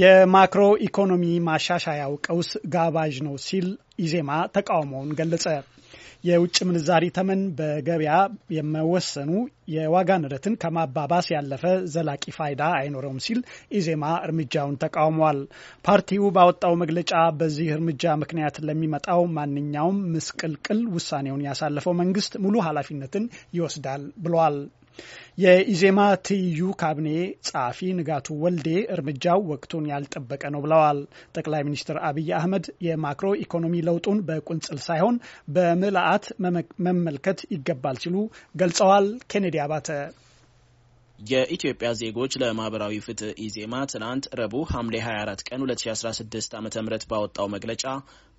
የማክሮ ኢኮኖሚ ማሻሻያው ቀውስ ጋባዥ ነው ሲል ኢዜማ ተቃውሞውን ገለጸ። የውጭ ምንዛሪ ተመን በገበያ የመወሰኑ የዋጋ ንረትን ከማባባስ ያለፈ ዘላቂ ፋይዳ አይኖረውም ሲል ኢዜማ እርምጃውን ተቃውሟል። ፓርቲው ባወጣው መግለጫ በዚህ እርምጃ ምክንያት ለሚመጣው ማንኛውም ምስቅልቅል ውሳኔውን ያሳለፈው መንግስት ሙሉ ኃላፊነትን ይወስዳል ብሏል። የኢዜማ ትይዩ ካቢኔ ጸሐፊ ንጋቱ ወልዴ እርምጃው ወቅቱን ያልጠበቀ ነው ብለዋል። ጠቅላይ ሚኒስትር አብይ አህመድ የማክሮ ኢኮኖሚ ለውጡን በቁንጽል ሳይሆን በምልአት መመልከት ይገባል ሲሉ ገልጸዋል። ኬኔዲ አባተ የኢትዮጵያ ዜጎች ለማህበራዊ ፍትህ ኢዜማ ትናንት ረቡዕ ሐምሌ 24 ቀን 2016 ዓ ም ባወጣው መግለጫ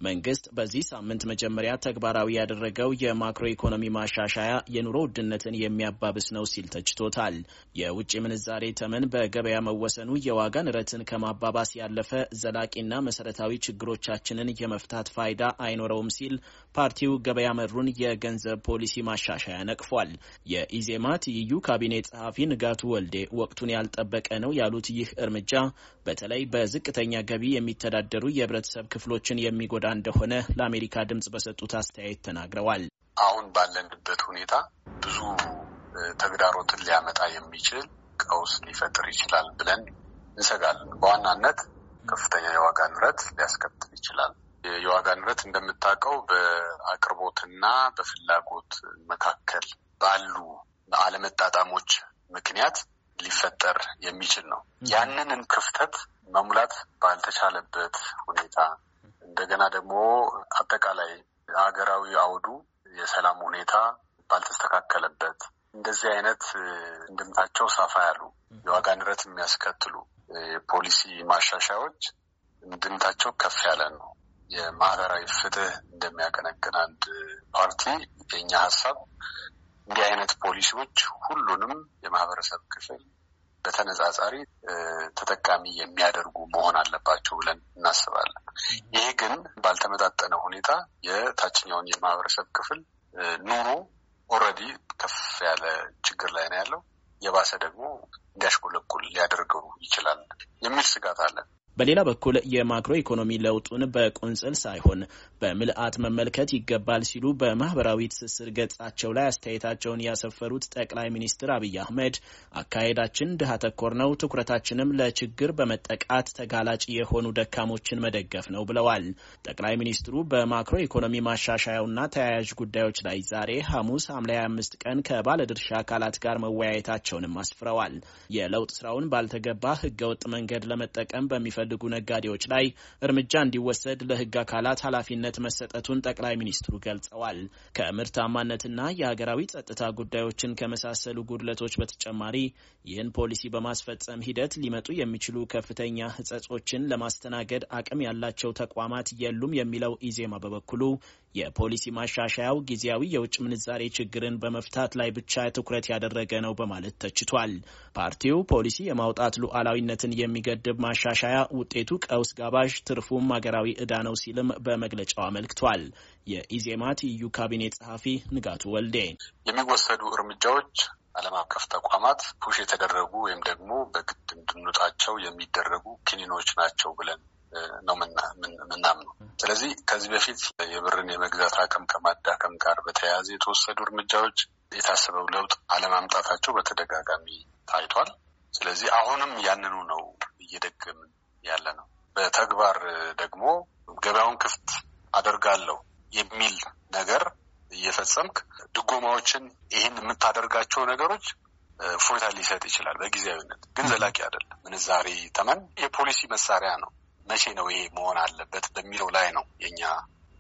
መንግስት በዚህ ሳምንት መጀመሪያ ተግባራዊ ያደረገው የማክሮ ኢኮኖሚ ማሻሻያ የኑሮ ውድነትን የሚያባብስ ነው ሲል ተችቶታል። የውጭ ምንዛሬ ተመን በገበያ መወሰኑ የዋጋ ንረትን ከማባባስ ያለፈ ዘላቂና መሰረታዊ ችግሮቻችንን የመፍታት ፋይዳ አይኖረውም ሲል ፓርቲው ገበያ መሩን የገንዘብ ፖሊሲ ማሻሻያ ነቅፏል። የኢዜማ ትይዩ ካቢኔ ጸሐፊ ንጋ ንጋቱ ወልዴ ወቅቱን ያልጠበቀ ነው ያሉት ይህ እርምጃ በተለይ በዝቅተኛ ገቢ የሚተዳደሩ የህብረተሰብ ክፍሎችን የሚጎዳ እንደሆነ ለአሜሪካ ድምጽ በሰጡት አስተያየት ተናግረዋል። አሁን ባለንበት ሁኔታ ብዙ ተግዳሮትን ሊያመጣ የሚችል ቀውስ ሊፈጥር ይችላል ብለን እንሰጋለን። በዋናነት ከፍተኛ የዋጋ ንረት ሊያስከትል ይችላል። የዋጋ ንረት እንደምታውቀው በአቅርቦትና በፍላጎት መካከል ባሉ አለመጣጣሞች ምክንያት ሊፈጠር የሚችል ነው። ያንንን ክፍተት መሙላት ባልተቻለበት ሁኔታ እንደገና ደግሞ አጠቃላይ ሀገራዊ አውዱ የሰላም ሁኔታ ባልተስተካከለበት እንደዚህ አይነት እንድምታቸው ሰፋ ያሉ የዋጋ ንረት የሚያስከትሉ የፖሊሲ ማሻሻያዎች እንድምታቸው ከፍ ያለ ነው። የማህበራዊ ፍትህ እንደሚያቀነቅን አንድ ፓርቲ የኛ ሀሳብ እንዲህ አይነት ፖሊሲዎች ሁሉንም የማህበረሰብ ክፍል በተነጻጻሪ ተጠቃሚ የሚያደርጉ መሆን አለባቸው ብለን እናስባለን። ይሄ ግን ባልተመጣጠነ ሁኔታ የታችኛውን የማህበረሰብ ክፍል ኑሮ ኦልሬዲ ከፍ ያለ ችግር ላይ ነው ያለው፣ የባሰ ደግሞ እንዲያሽቆለቁል ሊያደርገው ይችላል የሚል ስጋት አለን። በሌላ በኩል የማክሮ ኢኮኖሚ ለውጡን በቁንጽል ሳይሆን በምልአት መመልከት ይገባል ሲሉ በማህበራዊ ትስስር ገጻቸው ላይ አስተያየታቸውን ያሰፈሩት ጠቅላይ ሚኒስትር አብይ አህመድ አካሄዳችን ድሃ ተኮር ነው፣ ትኩረታችንም ለችግር በመጠቃት ተጋላጭ የሆኑ ደካሞችን መደገፍ ነው ብለዋል። ጠቅላይ ሚኒስትሩ በማክሮ ኢኮኖሚ ማሻሻያውና ተያያዥ ጉዳዮች ላይ ዛሬ ሐሙስ ሐምሌ 25 ቀን ከባለድርሻ አካላት ጋር መወያየታቸውንም አስፍረዋል። የለውጥ ስራውን ባልተገባ ህገወጥ መንገድ ለመጠቀም በሚፈ በሚፈልጉ ነጋዴዎች ላይ እርምጃ እንዲወሰድ ለህግ አካላት ኃላፊነት መሰጠቱን ጠቅላይ ሚኒስትሩ ገልጸዋል። ከምርታማነትና የሀገራዊ ጸጥታ ጉዳዮችን ከመሳሰሉ ጉድለቶች በተጨማሪ ይህን ፖሊሲ በማስፈጸም ሂደት ሊመጡ የሚችሉ ከፍተኛ ህጸጾችን ለማስተናገድ አቅም ያላቸው ተቋማት የሉም የሚለው ኢዜማ በበኩሉ የፖሊሲ ማሻሻያው ጊዜያዊ የውጭ ምንዛሬ ችግርን በመፍታት ላይ ብቻ ትኩረት ያደረገ ነው በማለት ተችቷል። ፓርቲው ፖሊሲ የማውጣት ሉዓላዊነትን የሚገድብ ማሻሻያ ውጤቱ ቀውስ ጋባዥ፣ ትርፉም ሀገራዊ ዕዳ ነው ሲልም በመግለጫው አመልክቷል። የኢዜማ ትይዩ ካቢኔት ጸሐፊ ንጋቱ ወልዴ የሚወሰዱ እርምጃዎች ዓለም አቀፍ ተቋማት ፑሽ የተደረጉ ወይም ደግሞ በግድ እንድንወጣቸው የሚደረጉ ክኒኖች ናቸው ብለን ነው ምናምነው። ስለዚህ ከዚህ በፊት የብርን የመግዛት አቅም ከማዳከም ጋር በተያያዘ የተወሰዱ እርምጃዎች የታሰበው ለውጥ አለማምጣታቸው በተደጋጋሚ ታይቷል። ስለዚህ አሁንም ያንኑ ነው እየደገምን ያለ ነው። በተግባር ደግሞ ገበያውን ክፍት አደርጋለሁ የሚል ነገር እየፈጸምክ ድጎማዎችን፣ ይህን የምታደርጋቸው ነገሮች ፎይታ ሊሰጥ ይችላል በጊዜያዊነት ግን ዘላቂ አይደለም። ምንዛሬ ተመን የፖሊሲ መሳሪያ ነው። መቼ ነው ይሄ መሆን አለበት በሚለው ላይ ነው የኛ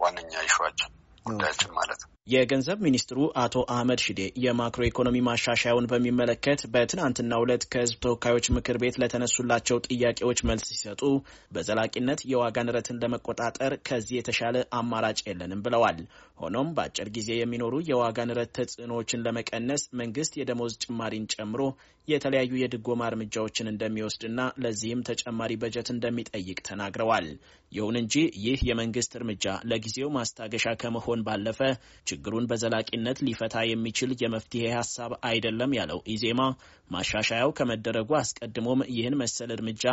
ዋነኛ ይሸዋችን ጉዳያችን ማለት ነው። የገንዘብ ሚኒስትሩ አቶ አህመድ ሽዴ የማክሮ ኢኮኖሚ ማሻሻያውን በሚመለከት በትናንትናው ዕለት ከህዝብ ተወካዮች ምክር ቤት ለተነሱላቸው ጥያቄዎች መልስ ሲሰጡ በዘላቂነት የዋጋ ንረትን ለመቆጣጠር ከዚህ የተሻለ አማራጭ የለንም ብለዋል። ሆኖም በአጭር ጊዜ የሚኖሩ የዋጋ ንረት ተጽዕኖዎችን ለመቀነስ መንግስት የደሞዝ ጭማሪን ጨምሮ የተለያዩ የድጎማ እርምጃዎችን እንደሚወስድና ለዚህም ተጨማሪ በጀት እንደሚጠይቅ ተናግረዋል። ይሁን እንጂ ይህ የመንግስት እርምጃ ለጊዜው ማስታገሻ ከመሆን ባለፈ ችግሩን በዘላቂነት ሊፈታ የሚችል የመፍትሄ ሀሳብ አይደለም ያለው ኢዜማ ማሻሻያው ከመደረጉ አስቀድሞም ይህን መሰል እርምጃ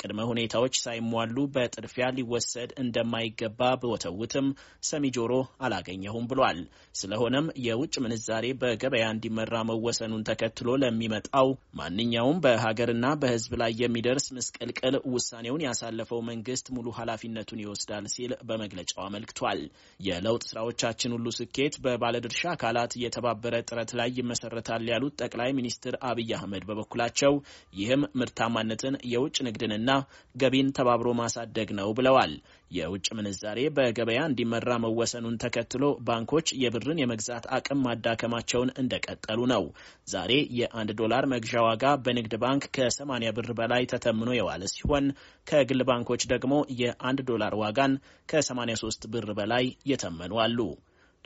ቅድመ ሁኔታዎች ሳይሟሉ በጥድፊያ ሊወሰድ እንደማይገባ ብወተውትም ሰሚ ጆሮ አላገኘሁም ብሏል። ስለሆነም የውጭ ምንዛሬ በገበያ እንዲመራ መወሰኑን ተከትሎ ለሚመጣው ማንኛውም በሀገርና በሕዝብ ላይ የሚደርስ ምስቅልቅል ውሳኔውን ያሳለፈው መንግስት ሙሉ ኃላፊነቱን ይወስዳል ሲል በመግለጫው አመልክቷል። የለውጥ ስራዎቻችን ሁሉ ስኬት ውጤት በባለድርሻ አካላት የተባበረ ጥረት ላይ ይመሰረታል ያሉት ጠቅላይ ሚኒስትር አብይ አህመድ በበኩላቸው ይህም ምርታማነትን፣ የውጭ ንግድንና ገቢን ተባብሮ ማሳደግ ነው ብለዋል። የውጭ ምንዛሬ በገበያ እንዲመራ መወሰኑን ተከትሎ ባንኮች የብርን የመግዛት አቅም ማዳከማቸውን እንደቀጠሉ ነው። ዛሬ የአንድ ዶላር መግዣ ዋጋ በንግድ ባንክ ከ80 ብር በላይ ተተምኖ የዋለ ሲሆን ከግል ባንኮች ደግሞ የአንድ ዶላር ዋጋን ከ83 ብር በላይ የተመኑ አሉ።